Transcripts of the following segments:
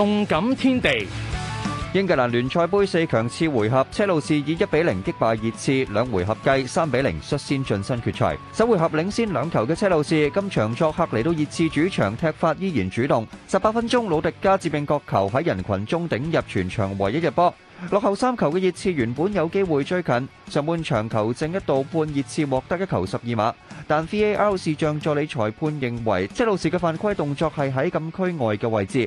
動感天地，英格蘭聯賽盃四強次回合，車路士以一比零擊敗熱刺，兩回合計三比零率先晉身決賽。首回合領先兩球嘅車路士，今場作客嚟到熱刺主場踢法依然主動。十八分鐘，魯迪加致命角球喺人群中頂入全場唯一入波。落後三球嘅熱刺原本有機會追近，上半場球證一度判熱刺獲得一球十二碼，但 VAR 視像助理裁判認為車路士嘅犯規動作係喺禁區外嘅位置。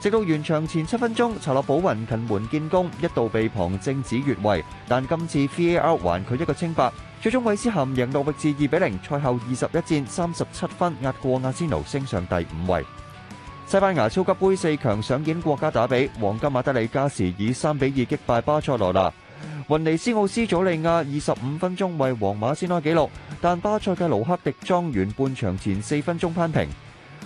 直到完場前七分鐘，查洛保雲近門建功，一度被旁正指越位，但今次 VAR 還佢一個清白。最終韋斯咸贏到域至二比零。賽後二十一戰三十七分，壓過阿仙奴升上第五位。西班牙超級杯四強上演國家打比，皇家馬德里加時以三比二擊敗巴塞羅那。雲尼斯奧斯祖利亞二十五分鐘為皇馬先開紀錄，但巴塞嘅魯克迪莊園半場前四分鐘扳平。